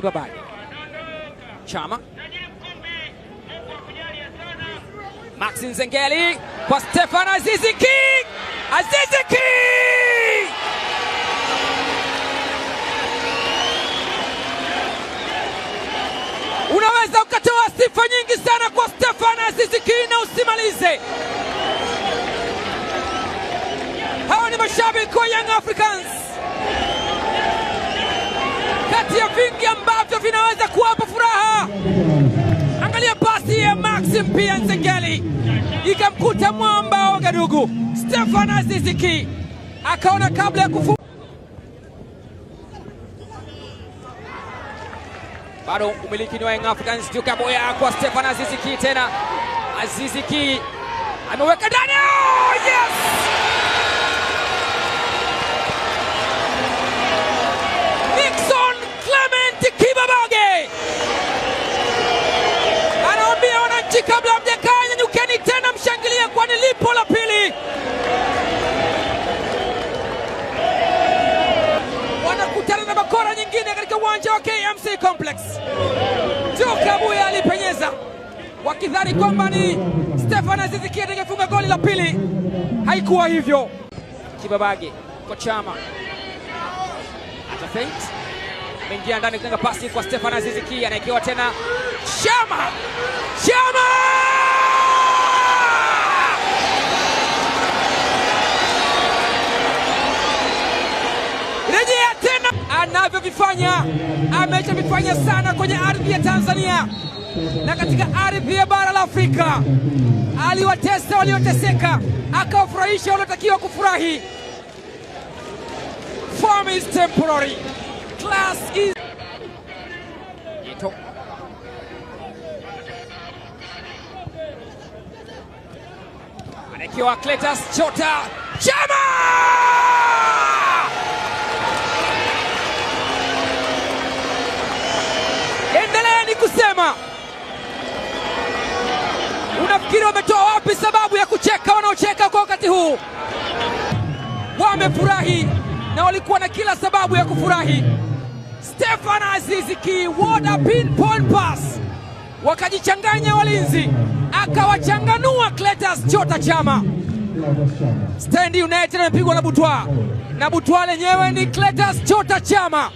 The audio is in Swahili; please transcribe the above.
Kibabani. Chama Maxi Nzengeli kwa Stefan Azizi Ki, Azizi Ki unaweza ukatoa sifa nyingi sana kwa Stefan Azizi Ki na usimalize. Hawa ni mashabiki wa Young Africans kati ya vingi ikamkuta mwamba wa Gadugu Stefan Aziziki akaona kabla ya kufu bado umiliki ni wa Young Africans. Duka boya kwa Stefan Aziziki tena, Aziziki ameweka ndani, oh, yes! uwanja wa KMC Complex. Ndio buya alipenyeza wakidhani kwamba ni Stefan Aziz Ki atakayefunga goli la pili. Haikuwa hivyo. Kibabage kwa Chama atafeint, ameingia ndani kutenga pasi kwa Stefan Aziz Ki, anaekewa tena Chama Chama alivyovifanya amechovifanya sana kwenye ardhi ya Tanzania na katika ardhi ya bara la Afrika. Aliwatesa walioteseka, akawafurahisha waliotakiwa kufurahi. Form is temporary. Class is... Yeto. Anakiwa Cletus Chota Chama! kusema. Unafikiri wametoa wapi sababu ya kucheka wanaocheka kwa wakati huu? Wamefurahi na walikuwa na kila sababu ya kufurahi. Stefan Aziz Ki woda pinpoint pass, wakajichanganya walinzi, akawachanganua Clatous Chota Chama. Stand United amepigwa na butwa na butwa lenyewe ni Clatous Chota Chama.